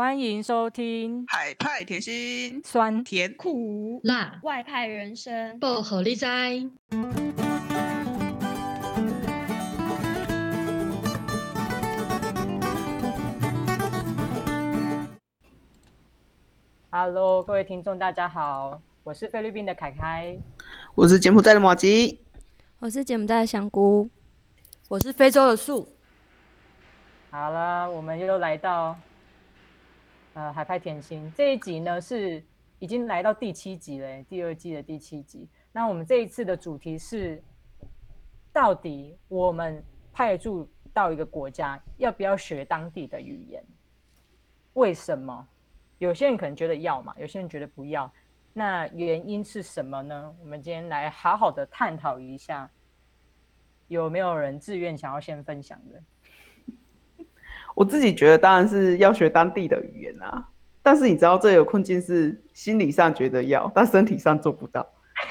歡迎收聽《海派甜心》酸，酸甜苦辣外派人生，薄荷理的哉。Hello，各位聽眾，大家好，我是菲律賓的凱凱，我是柬埔寨的馬吉，我是柬埔寨的香菇，我是非洲的樹。好了，我們又來到。呃，海派甜心這一集呢，是已經來到第七集了，第二季的第七集。那我們這一次的主題是，到底我們派駐到一個國家要不要學當地的語言？為什麼？有些人可能覺得要嘛，有些人覺得不要，那原因是什麼呢？我們今天來好好的探討一下，有沒有人自願想要先分享的？我自己覺得當然是要學當地的語言啊，但是你知道這有困境是，心理上覺得要，但身體上做不到。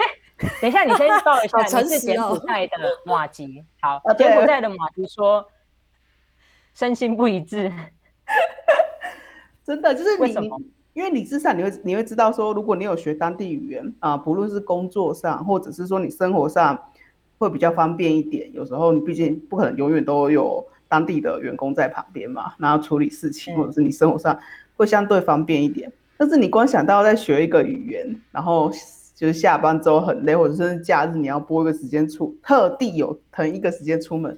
等一下，你先報一下城、 哦、你是柬埔寨的馬吉。好，啊、柬埔寨的馬吉說身心不一致， 真的就是你，為什麼？因為理智上你會你會知道說，如果你有學當地語言啊，不論是工作上或者是說你生活上會比較方便一點。有時候你畢竟不可能永遠都有。當地的員工在旁邊嘛，然後處理事情，或者是你生活上會相對方便一點。嗯、但是你光想到在學一個語言，然後就是下班之後很累，或者是假日你要撥一個時間出，特地有騰一個時間出門，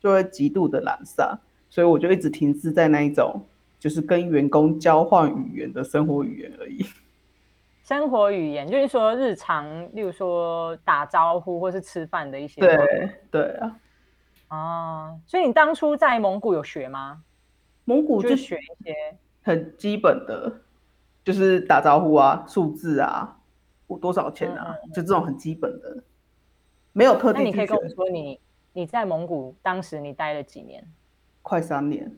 就會極度的懶散。所以我就一直停滯在那一種，就是跟員工交換語言的生活語言而已。生活語言就是說日常，例如說打招呼或是吃飯的一些。對對啊。哦，所以你當初在蒙古有學嗎？蒙古就是就學一些很基本的，就是打招呼啊、數字啊、我多少錢啊，嗯嗯嗯，就這種很基本的，沒有特定。那你可以跟我說你你在蒙古當時你待了幾年？快三年。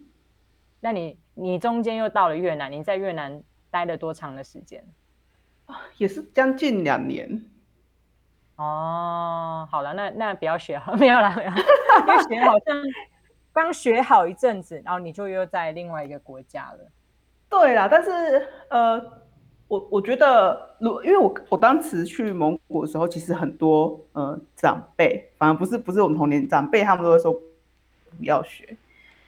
那你你中間又到了越南，你在越南待了多長的時間？也是將近兩年。哦，好了，那那不要學，沒有了，沒有。剛 學好像剛學好一陣子，然後你就又在另外一個國家了。對啦，但是呃，我我覺得，如因為我我當時去蒙古的時候，其實很多嗯、呃、長輩，反而不是不是我們童年長輩，他們都會說不要學。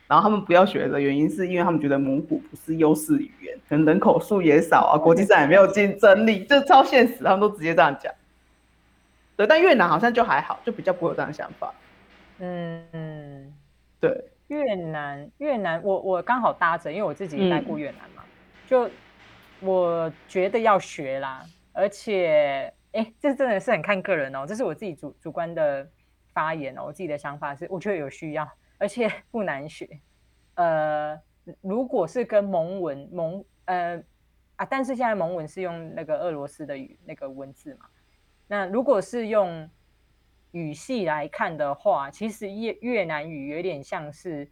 然後他們不要學的原因，是因為他們覺得蒙古不是優勢語言，可能人口數也少啊，國際上也沒有競爭力， 就超現實，他們都直接這樣講。對，但越南好像就還好，就比較不會有這樣的想法。嗯，對，越南越南，我我剛好搭着，因為我自己也待過越南嘛，嗯，就我覺得要學啦，而且哎，欸，這真的是很看個人哦，這是我自己主主觀的發言哦，我自己的想法是，我覺得有需要，而且不難學。呃，如果是跟蒙文蒙呃啊，但是現在蒙文是用那個俄羅斯的語那個文字嘛。那如果是用語系來看的話，其實越越南語有點像是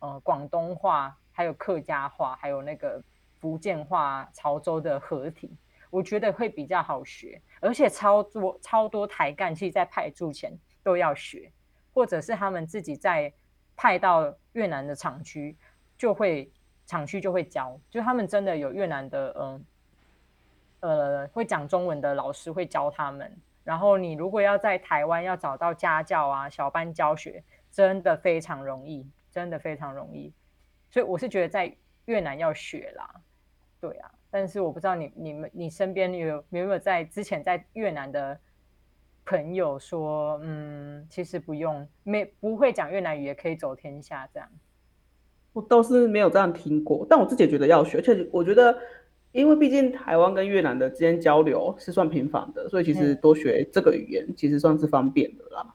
呃廣東話，還有客家話，還有那個福建話、潮州的合體，我覺得會比較好學，而且超多超多台幹去在派駐前都要學，或者是他們自己在派到越南的廠區就會廠區就會教，就他們真的有越南的嗯。呃呃，會講中文的老師會教他們。然後你如果要在台灣要找到家教啊，小班教學，真的非常容易，真的非常容易。所以我是覺得在越南要學啦，對啊。但是我不知道你、你們、你身邊有，有沒有在之前在越南的朋友說，嗯，其實不用，沒不會講越南語也可以走天下這樣。我倒是沒有這樣聽過，但我自己覺得要學，而且我覺得。因為畢竟台灣跟越南的之間交流是算頻繁的，所以其實多學這個語言其實算是方便的啦。嗯、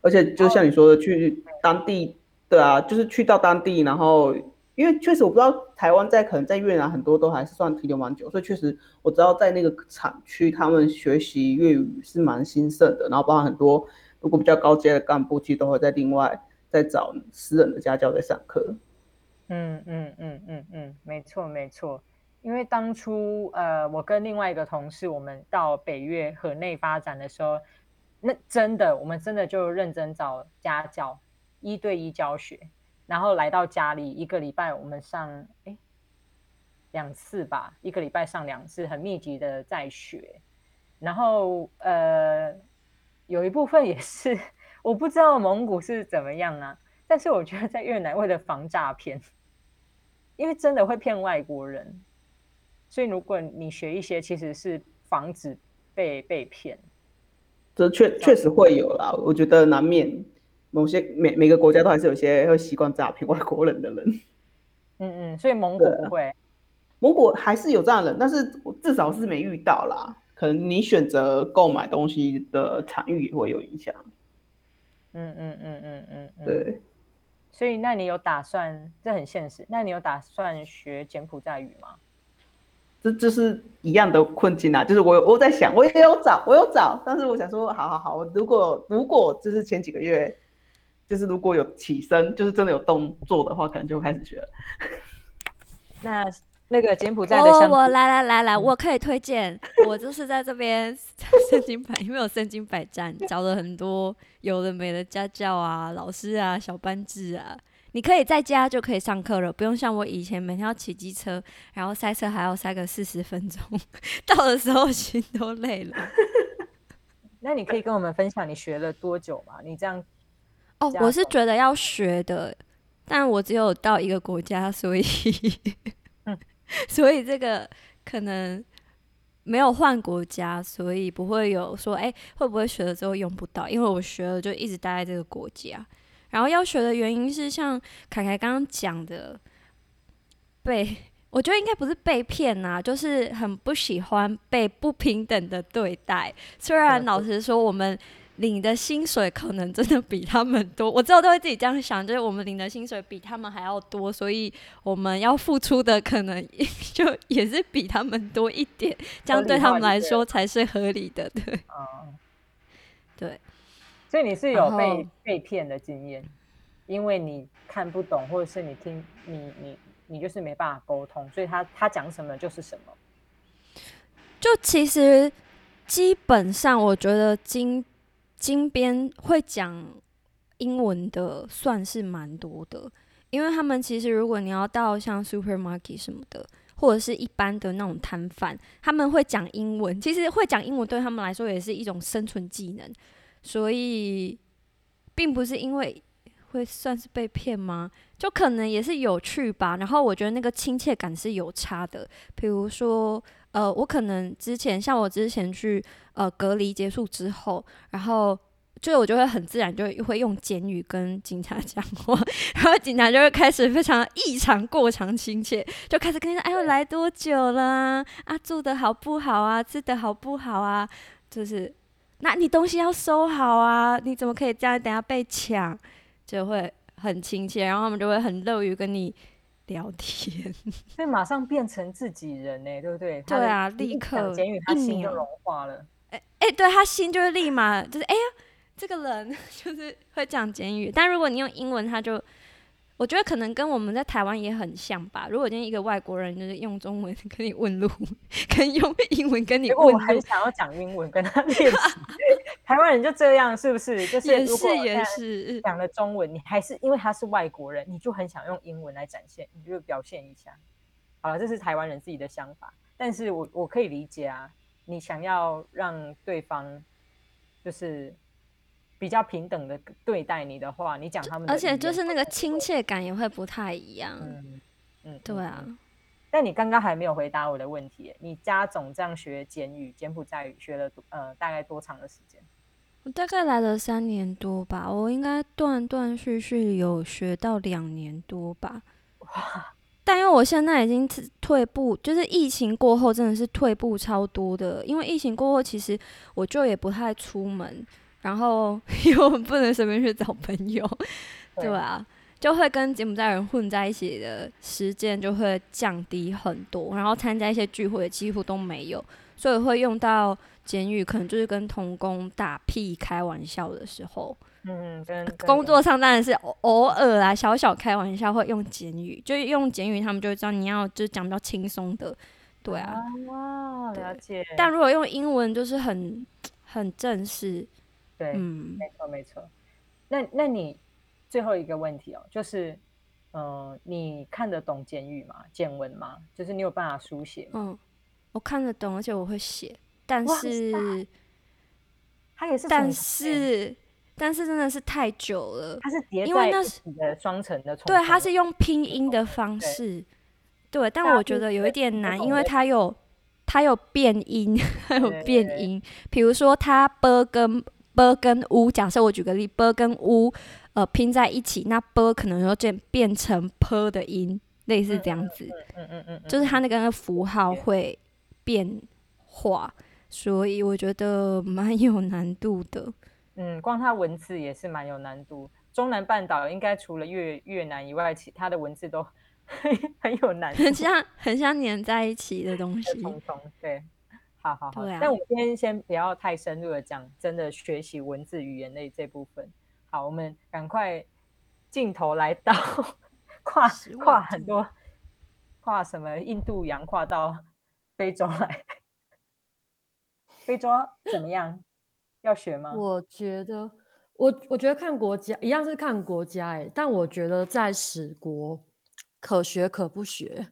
而且就像你說的，哦、去當地，嗯、對啊，就是去到當地，然後因為確實我不知道台灣在可能在越南很多都還是算停留蠻久，所以確實我知道在那個廠區，他們學習粵語是蠻興盛的。然後包含很多如果比較高階的幹部，其實都會在另外再找私人的家教在上課。嗯嗯嗯嗯嗯，沒錯沒錯。因為當初，呃，我跟另外一個同事，我們到北越河內發展的時候，那真的，我們真的就認真找家教，一對一教學，然後來到家裡一個禮拜，我們上誒兩次吧，一個禮拜上兩次，很密集的在學，然後呃，有一部分也是，我不知道蒙古是怎麼樣啊，但是我覺得在越南為了防詐騙，因為真的會騙外國人。所以，如果你學一些，其實是防止被被騙。這確確確樣實會有啦，我覺得難免某些每每個國家都還是有些會習慣詐騙外國人的人。嗯嗯，所以蒙古不會？啊，蒙古還是有這樣的人，但是我至少是沒遇到啦。可能你選擇購買東西的場域也會有影響。嗯嗯嗯嗯嗯，對。所以，那你有打算？這很現實。那你有打算學柬埔寨語嗎？這就是一樣的困境啊，就是我有，我在想，我也有找，我有找，但是我想說，好好好，我如果如果就是前幾個月，就是如果有起身，就是真的有動作的話，可能就開始學。那那個柬埔寨的相，我我來來來來，我可以推薦， 我就是在這邊身經百，因為我身經百戰，找了很多有的沒的家教啊、老師啊、小班制啊。你可以在家就可以上課了，不用像我以前每天要騎機車，然後塞車還要塞個四十分鐘，到的時候心都累了。 那你可以跟我們分享你學了多久嗎？你這樣哦，我是覺得要學的，但我只有到一個國家，所以， 嗯、所以這個可能沒有換國家，所以不會有說，哎、欸，會不會學了之後用不到？因為我學了就一直待在這個國家。然後要學的原因是，像凱凱剛剛講的，被我覺得應該不是被騙吶、啊，就是很不喜歡被不平等的對待。雖然老實說，我們領的薪水可能真的比他們多，我之後都會自己這樣想，就是我們領的薪水比他們還要多，所以我們要付出的可能就也是比他們多一點，這樣對他們來說才是合理的。對，對，對。所以你是有被被騙的經驗，oh. 因為你看不懂，或者是你聽你你你就是沒辦法溝通，所以他他講什麼就是什麼。就其實基本上，我覺得金金邊會講英文的算是蠻多的，因為他們其實如果你要到像 supermarket 什麼的，或者是一般的那種攤販，他們會講英文。其實會講英文對他們來說也是一種生存技能。所以，並不是因為會算是被騙嗎？就可能也是有趣吧。然後我覺得那個親切感是有差的。比如說，呃，我可能之前像我之前去呃隔離結束之後，然後就我就會很自然就會用簡語跟警察講話，嗯、 然後警察就會開始非常異常過常，親切，就開始跟你說：“哎呦，來多久啦？啊？啊，住的好不好啊？吃的好不好啊？”就是。那你東西要收好啊！你怎麼可以這樣？等下被搶，就會很親切，然後他們就會很樂於跟你聊天，所以馬上變成自己人呢、欸，對不對？對啊，立刻講簡語，他心就融化了。哎哎、欸欸，對他心就是立馬就是 哎呀，這個人 就是會講簡語，但如果你用英文，他就。我覺得可能跟我們在台灣也很像吧。如果今天一個外國人就是用中文跟你問路，可以用英文跟你問，我很想要講英文跟他練習， 台灣人就這樣是不是？就是如果講了中文，你還是因為他是外國人，你就很想用英文來展現，你就表現一下。好了，這是台灣人自己的想法，但是我我可以理解啊。你想要讓對方就是。比較平等的對待你的話，你講他們的，而且就是那個親切感也會不太一樣。嗯嗯，對啊。嗯嗯，但你剛剛還沒有回答我的問題，你家總這樣學柬語、柬埔寨語，學了呃大概多長的時間？我大概來了三年多吧，我應該斷斷續續有學到兩年多吧。哇！但因為我現在已經退步，就是疫情過後真的是退步超多的。因為疫情過後，其實我就也不太出門。然後因為我們不能隨便去找朋友，對吧、 啊，就會跟柬埔寨人混在一起的時間就會降低很多，然後參加一些聚會的幾乎都沒有，所以會用到簡語，可能就是跟同工打屁開玩笑的時候、嗯呃。工作上當然是偶爾啦，啊，小小開玩笑會用簡語，就是用簡語他們就知道你要就是講比較輕鬆的，對啊。啊，對，但如果用英文就是很很正式。對，嗯、沒錯沒錯。那那你最後一個問題哦、喔，就是，嗯、呃，你看得懂監獄嗎？見聞嗎？就是你有辦法書寫嗎、嗯？我看得懂，而且我會寫。但是，他也是，但是但是真的是太久了。它是疊在的雙層的，對，它是用拼音的方式。對，但我覺得有一點難，部因為它有它有，有變音，它有變音。比如說，它波跟波跟烏，假設我舉個例，波跟烏，呃，拼在一起，那波可能就變成坡的音，類似這樣子。嗯嗯嗯，嗯，嗯嗯嗯，就是它那個符號會變化，嗯、所以我覺得蠻有難度的。嗯，光它文字也是蠻有難度。中南半島應該除了越越南以外，其他的文字都很呵呵很有難度，很像很像黏在一起的東西。重重，對。好好好，啊、但我今天先不要太深入的講，真的學習文字語言類這部分。好，我們趕快鏡頭來到跨跨很多，跨什麼印度洋，跨到非洲來。非洲怎麼樣？ 要學嗎？我覺得，我我覺得看國家一樣是看國家、欸，哎，但我覺得在史國可學可不學，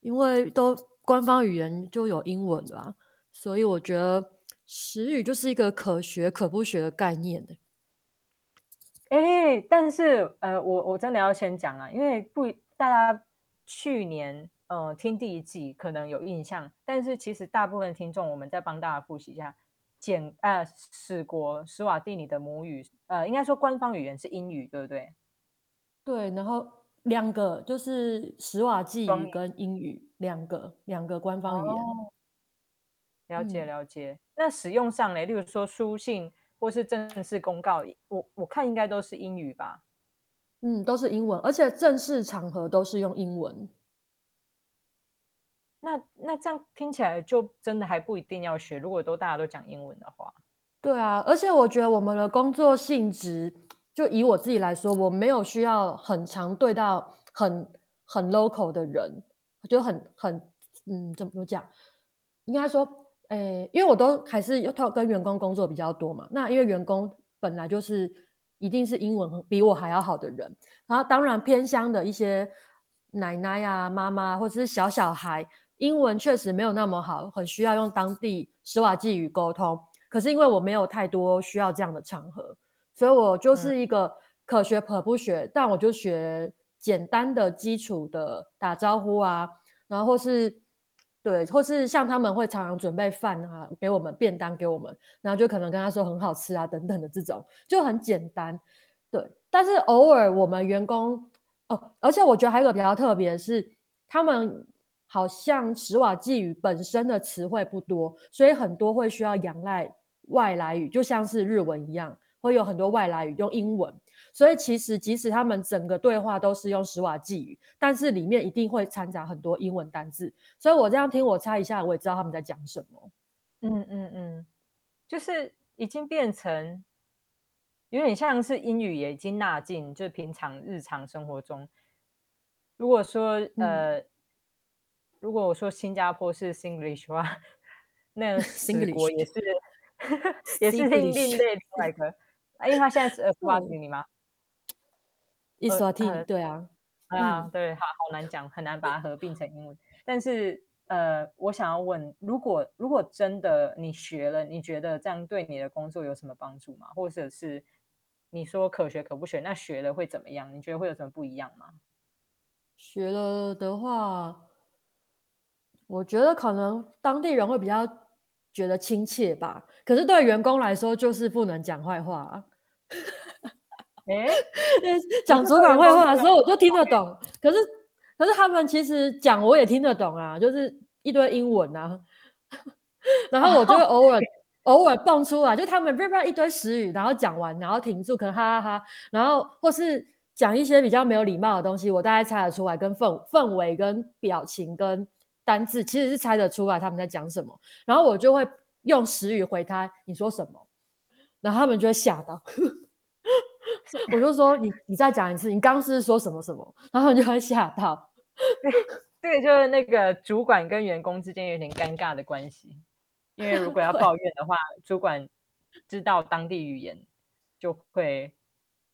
因為都。官方語言就有英文啦，所以我覺得史語就是一個可學可不學的概念的，欸欸。但是呃，我我真的要先講啊，因為不大家去年呃聽第一季可能有印象，但是其實大部分聽眾，我們再幫大家複習一下簡呃史國史瓦蒂尼的母語，呃，應該說官方語言是英語，對不對？對，然後。兩個就是史瓦濟語跟英語明兩個兩個官方語言。哦，了解了解。那使用上呢？例如說書信或是正式公告，我我看應該都是英語吧？嗯，都是英文，而且正式場合都是用英文。那那這樣聽起來就真的還不一定要學，如果都大家都講英文的話。對啊，而且我覺得我們的工作性質。就以我自己來說，我沒有需要很常對到很很 local 的人，我覺得很很嗯，怎麼講？應該說，誒、欸，因為我都還是要跟員工工作比較多嘛。那因為員工本來就是一定是英文比我還要好的人，然後當然偏鄉的一些奶奶呀、啊、媽媽或者是小小孩，英文確實沒有那麼好，很需要用當地斯瓦濟語溝通。可是因為我沒有太多需要這樣的場合。所以我就是一個可學可不學，嗯、但我就學簡單的基礎的打招呼啊，然後是，對，或是像他們會常常準備飯啊，給我們便當給我們，然後就可能跟他說很好吃啊等等的這種，就很簡單，對。但是偶爾我們員工哦，而且我覺得還有一個比較特別的是，他們好像斯瓦濟語本身的詞彙不多，所以很多會需要仰賴外來語，就像是日文一樣。會有很多外來語用英文，所以其實即使他們整個對話都是用史瓦濟語，但是裡面一定會摻雜很多英文單字。所以我這樣聽，我猜一下，我也知道他們在講什麼。嗯嗯嗯，就是已經變成有點像是英語，也已經納進，就是平常日常生活中。如果說、嗯、呃，如果我說新加坡是 Singlish 的話，那史國也是 也是另另類的。 哎，因為他現在是 呃，拉丁語嗎？伊莎汀，對啊，啊，對，好好難講，很難把它合併成英文。對但是，呃，我想要問，如果如果真的你學了，你覺得這樣對你的工作有什麼幫助嗎？或者是你說可學可不學，那學了會怎麼樣？你覺得會有什麼不一樣嗎？學了的話，我覺得可能當地人會比較覺得親切吧。可是對員工來說，就是不能講壞話啊，欸。哎，講主管壞話的時候，我就聽得懂。可是，可是他們其實講我也聽得懂啊，就是一堆英文啊。然後我就會偶爾偶爾蹦出來，就他們不知道一堆時語，然後講完，然後停住，可能哈哈哈，哈，然後或是講一些比較沒有禮貌的東西，我大概猜得出來，跟氛氛圍、跟表情、跟單字，其實是猜得出來他們在講什麼。然後我就會。用時語回他，你說什麼？然後他們就會嚇到。呵呵，我就說你，你再講一次，你剛剛是說什麼什麼？然後他們就會嚇到對。對，就是那個主管跟員工之間有點尷尬的關係。因為如果要抱怨的話，對主管知道當地語言，就會，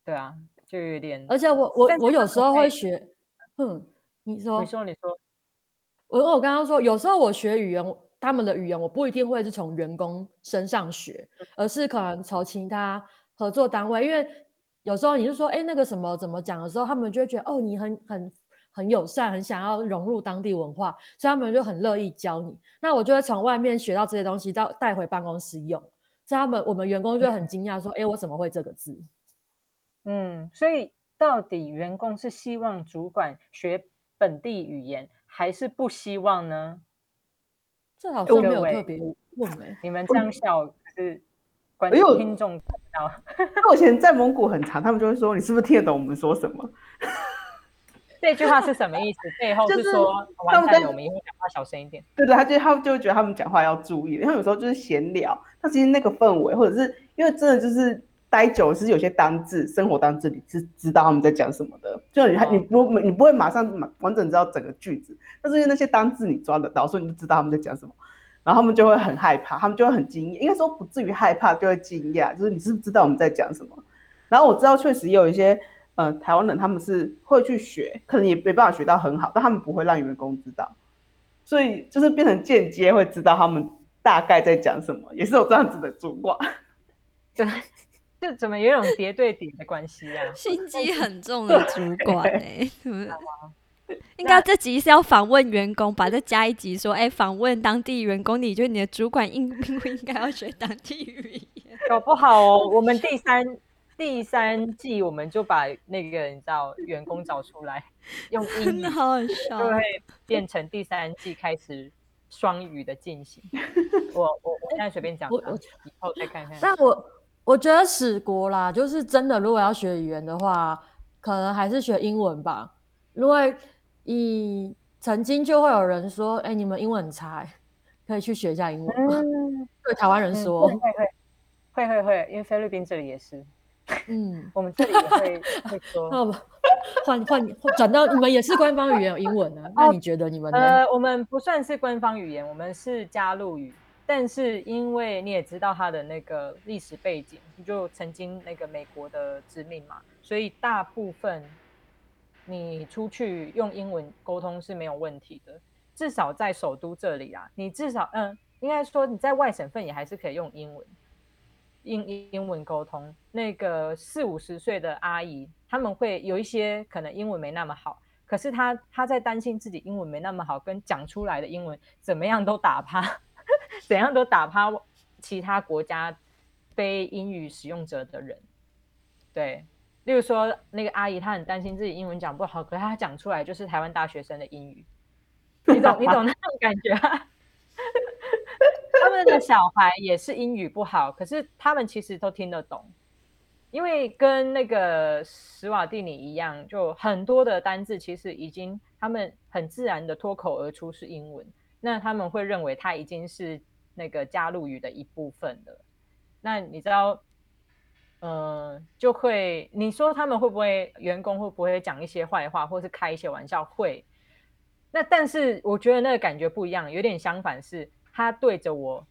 對啊，就有點。而且我我我有時候會學，哼，你說，你說，我跟我剛剛說，有時候我學語言，他們的語言，我不一定會是從員工身上學，嗯、而是可能從其他合作單位，因為有時候你就說。哎、欸，那個什麼怎麼講的時候，他們就會覺得，哦，你很很很友善，很想要融入當地文化，所以他們就很樂意教你。那我就會從外面學到這些東西，到帶回辦公室用。所以他們我們員工就很驚訝，說，哎、嗯、欸，我怎麼會這個字？嗯，所以到底員工是希望主管學本地語言，還是不希望呢？我都，哦、沒有特別問，你們這樣笑是觀眾聽眾看到。哎、我以前在蒙古很常，他們就會說：“嗯、你是不是聽得懂我們說什麼？”這句話是什麼意思？背 後是說，他們、就是、我，我們以後講話小聲一點。對對，他就他就覺得他們講話要注意，然後有時候就是閒聊，但其實那個氛圍，或者是因為真的就是。待久是有些單字，生活單字，你是知道他們在講什麼的，就你你不嗎你不會馬上完整知道整個句子，但是那些單字你抓得到，所以你就知道他們在講什麼，然後他們就會很害怕，他們就會很驚訝。應該說不至於害怕，就會驚訝，就是你是不是知道我們在講什麼？然後我知道確實也有一些，嗯、呃，台灣人他們是會去學，可能也沒辦法學到很好，但他們不會讓員工知道，所以就是變成間接會知道他們大概在講什麼，也是有這樣子的狀況。 就怎麼有種諜對諜的關係啊？心機很重的主管哎、欸， 是不是？ 應該這集是要訪問員工吧？再 加一集說，哎、欸，訪問當地員工，你覺得你的主管應不應該要學當地語言？搞不好哦，我們第三 第三季我們就把那個你知道員工找出來， 用英語就會變成第三季開始雙語的進行。 我我我現在隨便講，我我以後再看看。那我。我覺得史國啦，就是真的，如果要學語言的話，可能還是學英文吧。因為你曾經就會有人說，哎、欸，你們英文很差、欸，可以去學一下英文嗎？嗯，對台灣人說，嗯、會會會因為菲律賓這裡也是，嗯，我們這裡也會 會說。好， 換換轉到你們也是官方語言有英文呢、啊？那你覺得你們呢、哦？呃，我們不算是官方語言，我們是加入語。但是，因為你也知道他的那個歷史背景，就曾經那個美國的殖民嘛，所以大部分你出去用英文溝通是沒有問題的。至少在首都這裡啊。你至少嗯，應該說你在外省份也還是可以用英文英英文溝通。那個四五十歲的阿姨，他們會有一些可能英文沒那麼好，可是他他在擔心自己英文沒那麼好，跟講出來的英文怎麼樣都打趴。怎樣都打趴其他國家非英語使用者的人，對，例如說那個阿姨，她很擔心自己英文講不好，可是她講出來就是台灣大學生的英語，你懂你懂那種感覺。 他們的小孩也是英語不好，可是他們其實都聽得懂，因為跟那個史瓦蒂尼一樣，就很多的單字其實已經他們很自然的脫口而出是英文。那他們會認為他已經是那個加祿語的一部分了。那你知道，呃，就會你說他們會不會員工會不會講一些壞話，或是開一些玩笑？會。那但是我覺得那個感覺不一樣，有點相反是，是他對着我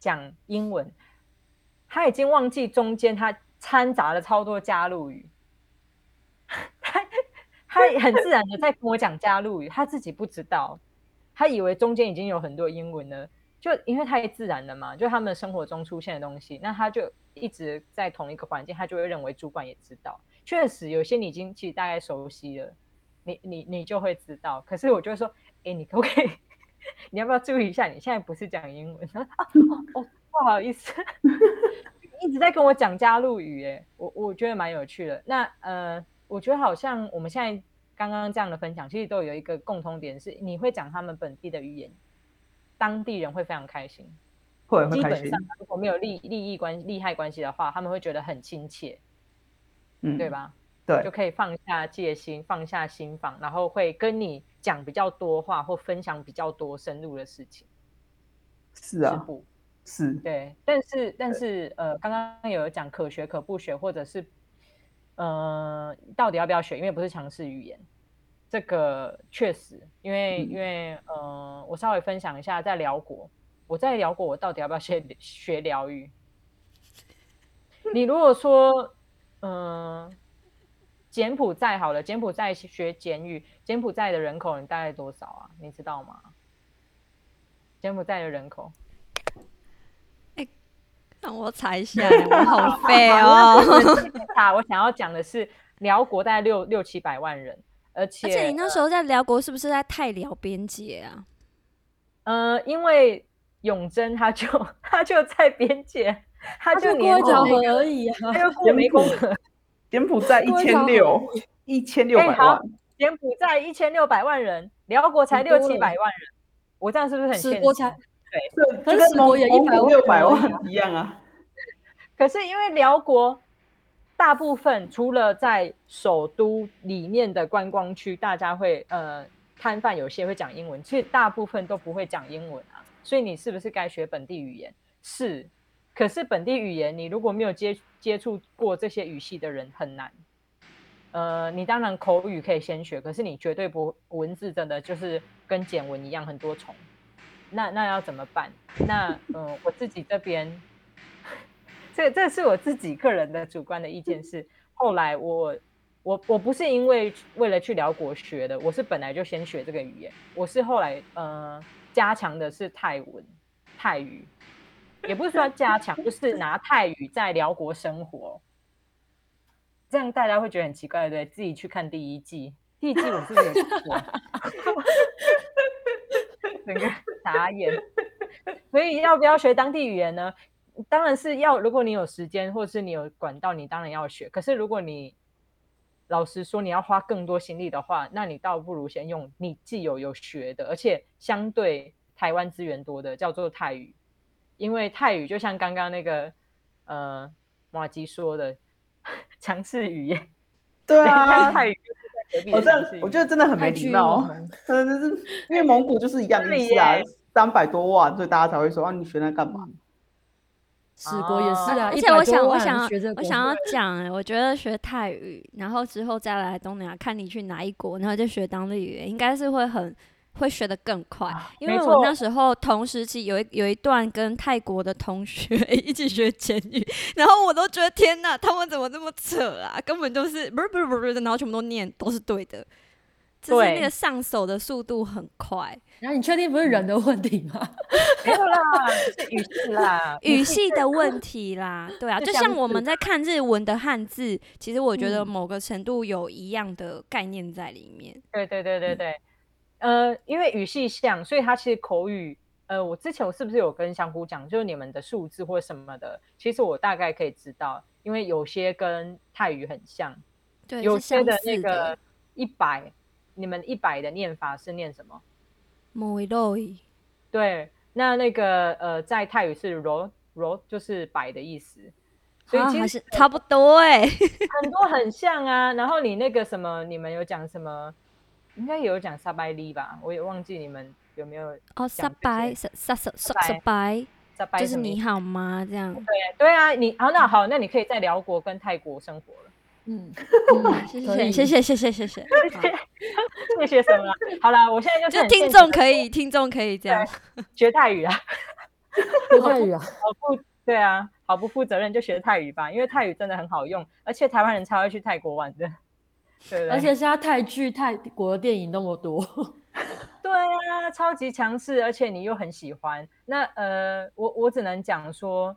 講英文，他已經忘記中間他摻雜了超多加祿語， 他他很自然的在跟我講加祿語，他自己不知道。他以為中間已經有很多英文呢，就因為太自然了嘛，就他們生活中出現的東西，那他就一直在同一個環境，他就會認為主管也知道。確實，有些你已經其實大概熟悉了，你你你就會知道。可是我就會說，誒，你可不可以？你要不要注意一下？你現在不是講英文啊？哦哦。哦，不好意思， 一直在跟我講加入語誒、欸，我我覺得蠻有趣的。那呃，我覺得好像我們現在。剛剛這樣的分享，其實都有一個共通點是，是你會講他們本地的語言，當地人會非常開心。會基本上如果沒有利利益關利害關係的話，他們會覺得很親切，嗯，對吧？對，就可以放下戒心，放下心防，然後會跟你講比較多話，或分享比較多深入的事情。是啊，父是，對。但是但是對呃，剛剛有講可學可不學，或者是。嗯、呃，到底要不要學？因為不是強勢語言，這個確實，因為因為呃，我稍微分享一下，在寮國，我在寮國，我到底要不要學學寮語？ 你如果說，嗯、呃，柬埔寨好了，柬埔寨學柬語，柬埔寨的人口你大概多少啊？你知道嗎？柬埔寨的人口？我猜一下，欸，我好廢哦。啊，我想要講的是，寮國大概六六七百萬人，而且而且你那時候在寮國是不是在泰寮邊界啊？呃，因為永珍他就他就在邊界，他就過橋而已啊。柬埔寨一千六一千六百萬，柬埔寨一千六百萬人，寮國才六七百萬人，我這樣是不是很現實？這跟中有一百六百萬一,一樣啊。可是因為寮國大部分除了在首都裡面的觀光區，大家會呃攤販有些會講英文，其實大部分都不會講英文啊。所以你是不是該學本地語言？是，可是本地語言你如果沒有接接觸過這些語系的人很難。呃，你當然口語可以先學，可是你絕對不文字真的就是跟簡文一樣很多重。那那要怎麼辦？那嗯、呃，我自己這邊，這這是我自己個人的主觀的意見是，後來我我我不是因為為了去寮國學的，我是本來就先學這個語言，我是後來呃加強的是泰文泰語，也不是說要加強，就是拿泰語在寮國生活，這樣大家會覺得很奇怪，對不對？自己去看第一季，第一季我自己也看過，整個。 打眼，所以要不要學當地語言呢？當然是要。如果你有時間，或者是你有管道，你當然要學。可是如果你老實說你要花更多心力的話，那你倒不如先用你既有有學的，而且相對台灣資源多的叫做泰語，因為泰語就像剛剛那個呃馬吉說的強勢語言，對啊。 泰語我、哦、這樣，我覺得真的很沒禮貌、嗯，因為蒙古就是一樣意思啊，三百 耶多萬，所以大家才會說啊，你學那幹嘛？史國也是啊，啊而且我想，我想，我想要講、欸，我覺得學泰語，然後之後再來東南亞，看你去哪一國，然後就學當地語言、欸，應該是會很。會學得更快，因為我那時候同時期有有一段跟泰國的同學一起學簡語，然後我都覺得天哪，他們怎麼這麼扯啊？根本就是不是不是不是，然後全部都念都是對的，只是那個上手的速度很快對。然後、嗯、你確定不是人的問題嗎？嗯、沒有啦，是語系啦，語系的問題啦。對啊，就像我們在看日文的漢字，其實我覺得某個程度有一樣的概念在裡面。對對對對對。嗯呃，因為語系像，所以它其實口語，呃，我之前我是不是有跟香菇講，就是你們的數字或什麼的，其實我大概可以知道，因為有些跟泰語很像，對，有些的那個一百，你們一百的念法是念什麼？Moo roi。對，那那個呃，在泰語是 ro ro，就是百的意思，所以其實差不多哎，很多很像啊。 然後你那個什麼，你們有講什麼？應該有講撒白麗吧，我也忘記你們有沒有哦，撒白撒沙撒沙白，就是你好嗎這樣對？對啊，你好、哦、那好，那你可以在寮國跟泰國生活了。嗯， 嗯，謝謝謝謝謝謝謝謝謝謝。學什麼了？好啦，我現在就現就聽眾，說聽眾可以，聽眾可以這樣學泰語啊，學泰語啊， 語啊 好負對啊，好不負責任就學泰語吧，因為泰語真的很好用，而且台灣人超愛去泰國玩的。對對，而且是他泰劇、泰國的電影那麼多，對啊，超級強勢，而且你又很喜歡。那呃，我我只能講說，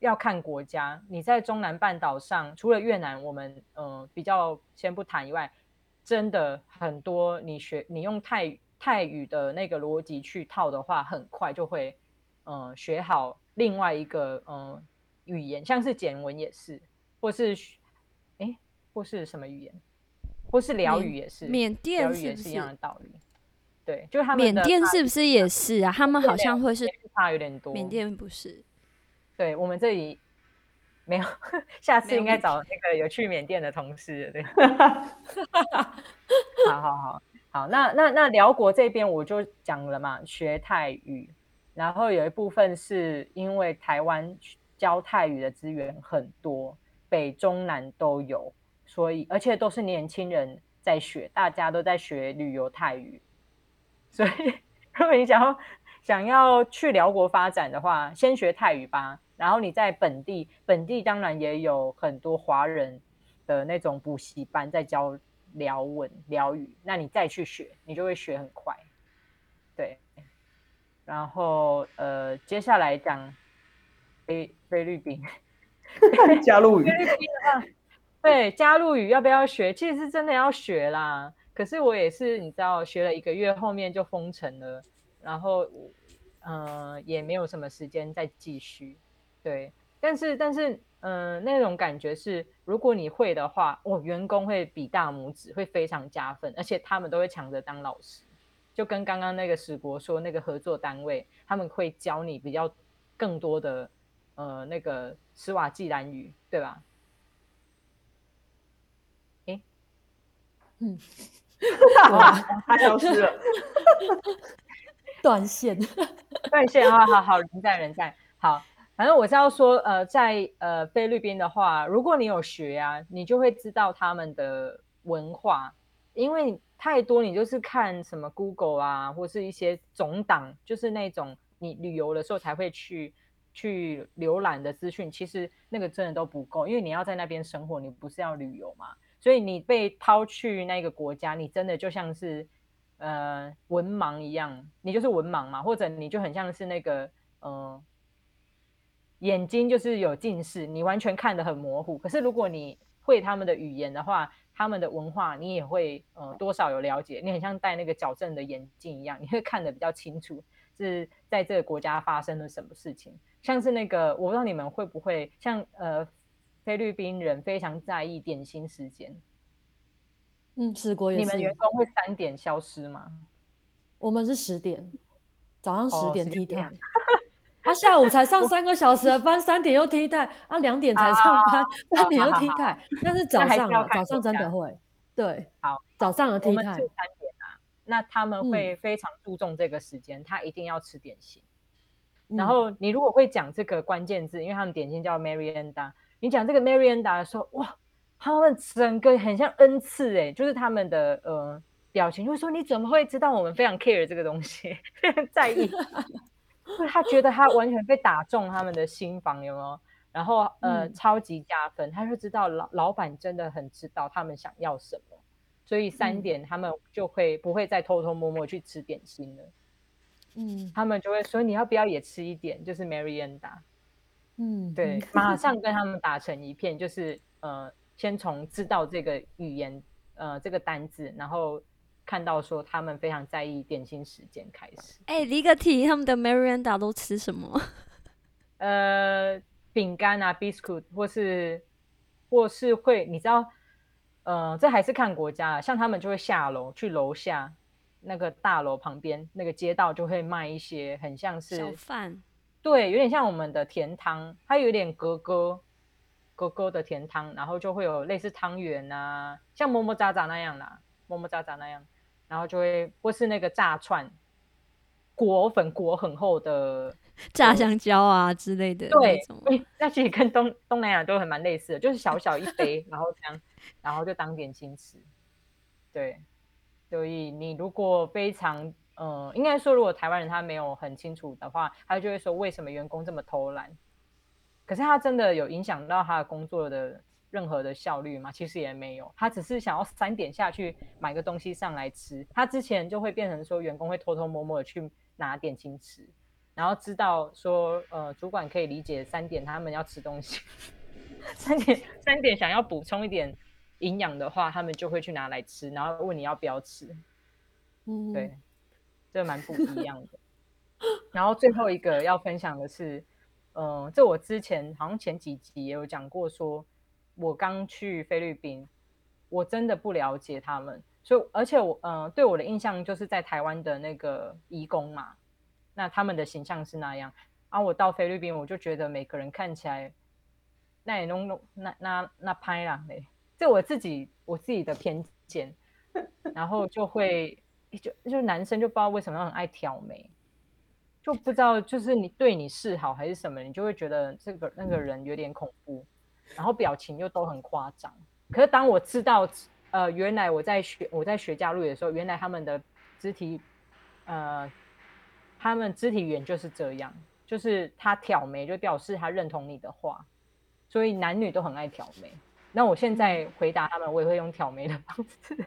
要看國家。你在中南半島上，除了越南，我們嗯、呃、比較先不談以外，真的很多，你學你用泰語泰語的那個邏輯去套的話，很快就會嗯、呃、學好另外一個嗯、呃、語言，像是柬文也是，或是哎或是什麼語言。或是寮語也是，緬甸是不是？寮語也是一樣的道理？對，就是他們緬甸是不是也是啊？他們好像會是話有點多。緬甸不是，對我們這裡沒有，下次應該找那個有去緬甸的同事。哈、啊、好好好好，好，那那那寮國這邊我就講了嘛，學泰語，然後有一部分是因為台灣教泰語的資源很多，北中南都有。所以，而且都是年輕人在學，大家都在學旅遊泰語。所以，如果你想要想要去寮國發展的話，先學泰語吧。然後你在本地，本地當然也有很多華人的那種補習班在教寮文、寮語。那你再去學，你就會學很快。對。然後，呃，接下來講菲菲律賓， 加入菲律賓對，加入語要不要學？其實是真的要學啦。可是我也是，你知道，學了一個月，後面就封城了，然後，呃，也沒有什麼時間再繼續。對，但是，但是，嗯、呃，那種感覺是，如果你會的話，哦，員工會比大拇指會非常加分，而且他們都會搶着當老師。就跟剛剛那個史博說，那個合作單位，他們會教你比較更多的，呃，那個史瓦濟蘭語，對吧？嗯，他消失了，斷線，斷線啊！好好，人在人在，好，反正我是要說，呃，在呃菲律賓的話，如果你有學啊，你就會知道他們的文化，因為太多，你就是看什麼 Google 啊，或是一些總檔，就是那種你旅遊的時候才會去去瀏覽的資訊，其實那個真的都不夠，因為你要在那邊生活，你不是要旅遊嘛？所以你被拋去那個國家，你真的就像是，呃，文盲一樣，你就是文盲嘛，或者你就很像是那個，呃眼睛就是有近視，你完全看得很模糊。可是如果你會他們的語言的話，他們的文化你也會，呃，多少有了解。你很像戴那個矯正的眼鏡一樣，你會看得比較清楚是在這個國家發生了什麼事情。像是那個，我不知道你們會不會像，呃。菲律賓人非常在意點心時間。嗯，是國。你們員工會三點消失嗎？我們是十點，早上十點 tea time。他下午才上三個小時的班，三點又 tea time。啊，兩點才上班，三點又 tea time。那是早上，早上真的會。對，好，早上的 tea time。三點啊，那他們會非常注重這個時間，他一定要吃點心。然後你如果會講這個關鍵字，因為他們點心叫 merienda。你講這個 merienda 的時候，哇，他們整個很像恩賜誒，就是他們的呃表情，就是說，你怎麼會知道我們非常 care 這個東西，非常在意？就是 他覺得他完全被打中他們的心房，有沒有？然後呃，超級加分，嗯、他就知道老老板真的很知道他們想要什麼，所以三點他們就會不會再偷偷摸摸去吃點心了。嗯，他們就會說，你要不要也吃一點？就是 merienda。嗯，對，嗯、馬上跟他們打成一片，就是 呃，先從知道這個語言，呃，這個單字，然後看到說他們非常在意點心時間開始。哎、欸，離個題，他們的 m a r i a n d o 都吃什麼？呃，餅乾啊，biscuit，或是或是會，你知道，呃，這還是看國家，像他們就會下樓去樓下那個大樓旁邊那個街道就會賣一些很像是對，有點像我們的甜湯，它有點咯咯咯咯的甜湯，然後就會有類似湯圓吶、啊，像摩摩喳喳那樣啦，摩摩喳喳那樣，然後就會或是那個炸串，裹粉，裹很厚的炸香蕉啊之類的。對，種對，那其實跟東東南亞都很蠻類似的，就是小小一杯， 然後這樣，然後就當點心吃。對，所以你如果非常。嗯、呃，應該說，如果台灣人他沒有很清楚的話，他就會說為什麼員工這麼偷懶？可是他真的有影響到他的工作的任何的效率嗎？其實也沒有，他只是想要三點下去買個東西上來吃。他之前就會變成說，員工會偷偷摸摸的去拿點心吃，然後知道說，呃，主管可以理解三點他們要吃東西， 三點三點想要補充一點營養的話，他們就會去拿來吃，然後問你要不要吃。嗯，對。這蠻不一樣的。然後最後一個要分享的是，嗯、呃，這我之前好像前幾集也有講過說，說我剛去菲律賓，我真的不了解他們，所以而且我，嗯、呃，對我的印象就是在台灣的那個移工嘛，那他們的形象是那樣。然後，啊，我到菲律賓，我就覺得每個人看起來，那也弄弄，那那那拍了嘞，這我自己我自己的偏見，然後就會。 就就男生就不知道為什麼很愛挑眉，就不知道就是你對你示好還是什麼，你就會覺得這個那個人有點恐怖，然後表情又都很誇張。可是當我知道，呃，原來我在學我在學加祿的時候，原來他們的肢體，呃，他們肢體語言就是這樣，就是他挑眉就表示他認同你的話，所以男女都很愛挑眉。那我現在回答他們，我也會用挑眉的方式。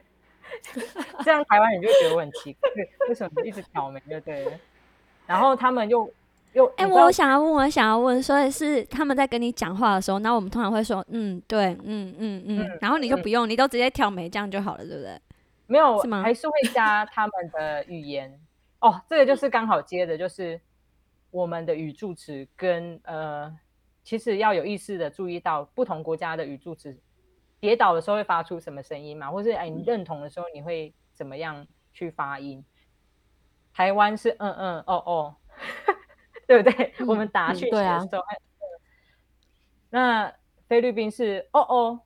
這樣台灣人就覺得問題， 為什麼一直挑眉？對對？然後他們又又……哎、欸，我，我想要問，我想要問，所以是他們在跟你講話的時候，那我們通常會說，嗯，對，嗯嗯嗯，嗯然後你就不用，嗯、你都直接挑眉這樣就好了，對不對？沒有是嗎？還是會加他們的語言 哦。這個就是剛好接的，就是我們的語助詞跟呃，其實要有意識的注意到不同國家的語助詞。跌倒的時候會發出什麼聲音嘛？或是誒、哎，你認同的時候你會怎麼樣去發音？嗯、台灣是嗯嗯哦哦，對不對？嗯、我們打雪球、嗯、的時候，啊嗯、那菲律賓是哦哦，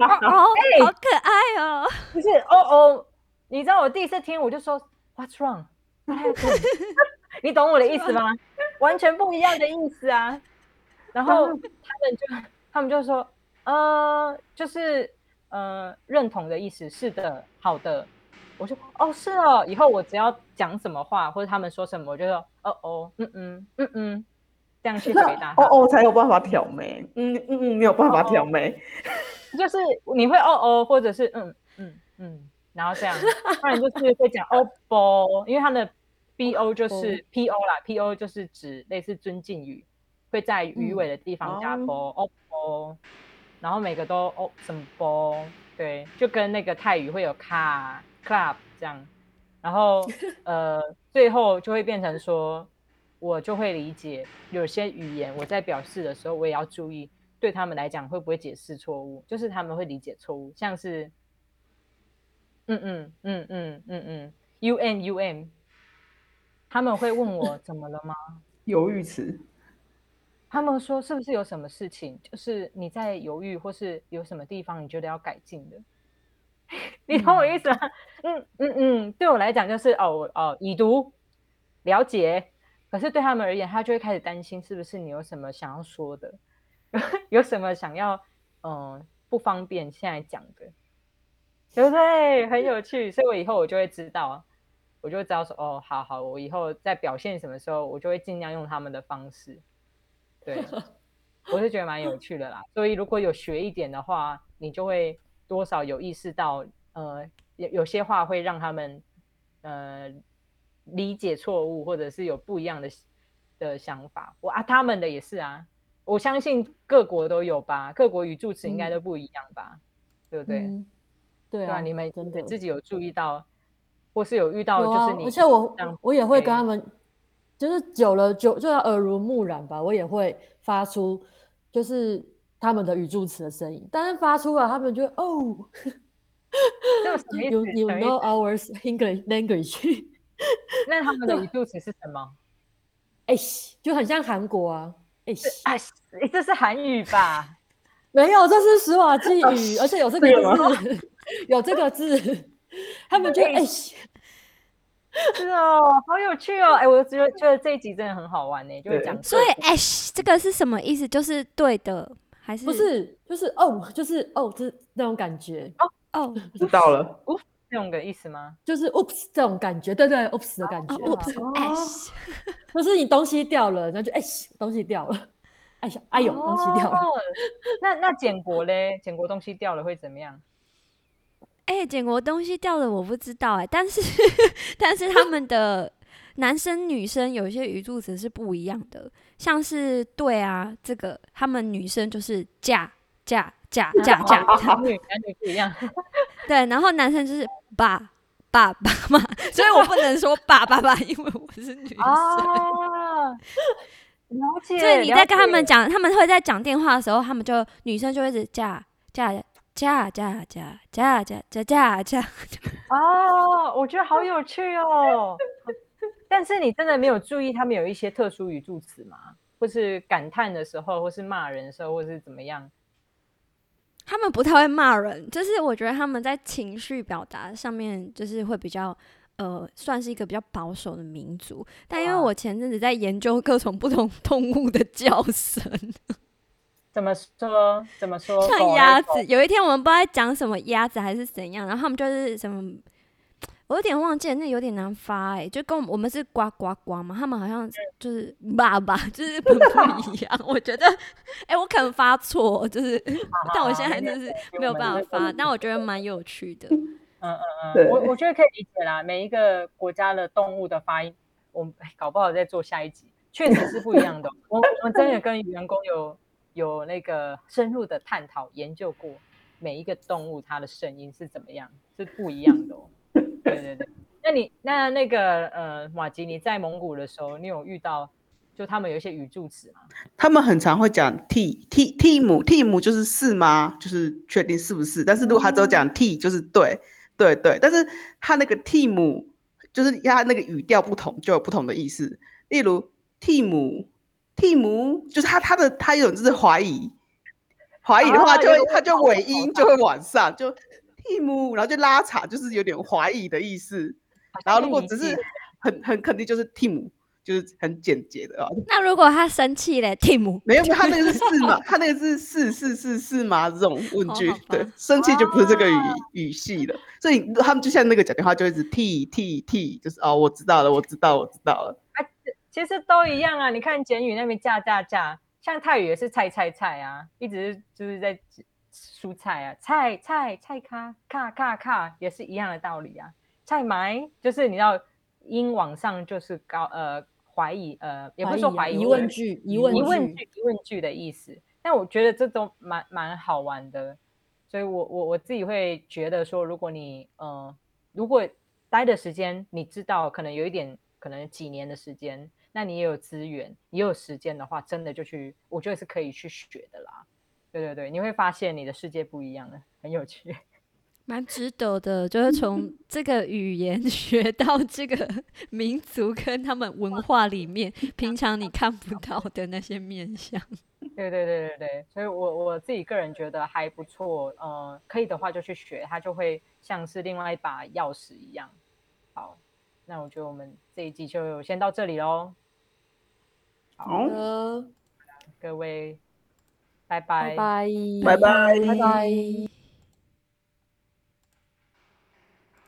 哦，好可愛哦！不是哦哦，oh oh, 你知道我第一次聽我就說 What's wrong？What's wrong? 你懂我的意思嗎？ 完全不一樣的意思啊！然後 他們就，他們就說。呃，就是呃，認同的意思，是的，好的。我說哦，是哦，以後我只要講什麼話，或者他們說什麼，我就說哦哦，嗯嗯嗯嗯，這樣去回答。哦哦，才有辦法挑眉，嗯嗯嗯，沒、嗯、有辦法挑眉、哦，就是你會哦哦，或者是嗯嗯嗯，然後這樣，不 然就是會講哦不，因為他的 B O 就是 P O 啦，P O 就是指類似尊敬語，會在魚尾的地方加啵、嗯、哦，哦不然後每個都哦什麼 ball 對，就跟那個泰語會有 car club 這樣，然後呃最後就會變成說，我就會理解有些語言我在表示的時候我也要注意，對他們來講會不會解釋錯誤，就是他們會理解錯誤，像是嗯嗯嗯嗯嗯嗯，un um，他們會問我怎麼了嗎？猶豫詞。他們說：“是不是有什麼事情？就是你在猶豫，或是有什麼地方你覺得要改進的？ 你懂我意思嗎？”“嗯嗯嗯。嗯嗯嗯”對我來講，就是哦哦，已讀了解。可是對他們而言，他就會開始擔心，是不是你有什麼想要說的， 有什麼想要嗯不方便現在講的， 對不對？很有趣，所以我以後我就會知道，我就知道說哦，好好，我以後在表現什麼時候，我就會盡量用他們的方式。對，我是覺得蠻有趣的啦。 所以如果有學一點的話，你就會多少有意識到，呃，有有些話會讓他們呃理解錯誤，或者是有不一樣的的想法。我啊，他們的也是啊，我相信各國都有吧，各國語助詞應該都不一樣吧，嗯、對不對？嗯、對啊，對啊，你們真的自己有注意到，的或是有遇到，就是你，啊、而且我當我也會跟他們。就是久了，久就要耳濡目染吧。我也會發出，就是他們的語助詞的聲音，但是發出了，他們就哦 You you know our English language？那他們的語助詞是什麼？哎，就很像韓國啊！哎哎，這是韓語吧？沒有，這是史瓦濟語，而且有這個字，有這個字，他們就哎。是哦，好有趣哦！哎，我覺得覺得這一集真的很好玩呢，就是講。所以 ash 這個是什麼意思？就是對的，還是不是？就是哦，就是哦，就是那種感覺。哦哦，知道了。哦，這種的意思嗎？就是 oops 這種感覺，對對，oops 的感覺。哦，ash，不是你東西掉了，那就 ash，東西掉了，哎呀，哎呦，東西掉了。那那簡國嘞？簡國東西掉了會怎麼樣？哎，撿過、欸、東西掉了，我不知道哎、欸。但是，但是他們的男生女生有一些語助詞是不一樣的，像是對啊，這個他們女生就是嫁嫁嫁嫁嫁，男對，然後男生就是爸爸爸嘛，所以我不能說爸爸吧，因為我是女生。而且、啊，對，你在跟他們講，他們會在講電話的時候，他們就女生就一直嫁嫁。加加加加加加加！哦，我覺得好有趣哦。 但是你真的沒有注意，他們有一些特殊語助詞嗎？或是感嘆的時候，或是罵人的時候，或是怎麼樣？他們不太會罵人，就是我覺得他們在情緒表達上面，就是會比較呃，算是一個比較保守的民族。但因為我前陣子在研究各種不同動物的叫聲。哇 怎麼說？怎麼說？像鴨子，狗狗，有一天我們不知道在講什麼鴨子還是怎樣，然後他們就是什麼，我有點忘記了，那有點難發哎、欸，就跟我們我們是呱呱呱嘛，他們好像就是對爸爸，就是不，不一樣。 我覺得，哎、欸，我可能發錯，就是， 但我現在就是沒有辦法發，我那但我覺得蠻有趣的。嗯嗯嗯，嗯嗯對我我覺得可以理解啦，每一個國家的動物的發音，我們、欸，搞不好再做下一集，確實是不一樣的。 我我們真的跟員工有。有那個深入的探討研究過每一個動物它的聲音是怎麼樣，是不一樣的哦。 對對對，那你那那個呃，馬吉，你在蒙古的時候，你有遇到就他們有一些語助詞嗎？他們很常會講 t t tim tim 就是是嗎？就是確定是不是？但是如果他只有講 t 就是對、嗯、對對，但是他那個 tim 就是他那個語調不同就有不同的意思，例如 tim。T Tim，就是他，他的他有一種就是懷疑，懷疑的話就他就尾音就會往上，就 Tim，然後就拉長，就是有點懷疑的意思。好然後如果只是很、嗯、很肯定，就是 Tim，就是很簡潔的啊。那如果他生氣嘞，Tim 沒有他那個是是嘛，他那個是四 那個是是是是嘛，這種問句，好好對，生氣就不是這個語、啊、語系了。所以他們就像那個講電話，就會一直 T T T，就是哦，我知道了，我知道，我知道了。其實都一樣啊！你看粵語那邊“價價價”，像泰語也是“菜菜菜”啊，一直就是在蔬菜啊，“菜菜菜，菜咖咔咔咔也是一樣的道理啊。菜埋就是你要因網上就是高呃懷疑呃，也不是說懷疑懷疑、啊、疑問句疑問句疑問句，疑問句的意思，但我覺得這都蠻蠻好玩的，所以我我我自己會覺得說，如果你呃如果待的時間，你知道可能有一點，可能幾年的時間。那你也有資源，也有時間的話，真的就去，我覺得是可以去學的啦。對對對，你會發現你的世界不一樣了，很有趣，蠻值得的。就是從這個語言學到這個民族跟他們文化裡面，平常你看不到的那些面向。 對對對對對，所以我我自己個人覺得還不錯，呃，可以的話就去學，它就會像是另外一把鑰匙一樣。好，那我覺得我們這一集就先到這裡嘍。好的，嗯、各位，拜拜，拜拜，拜拜。拜拜。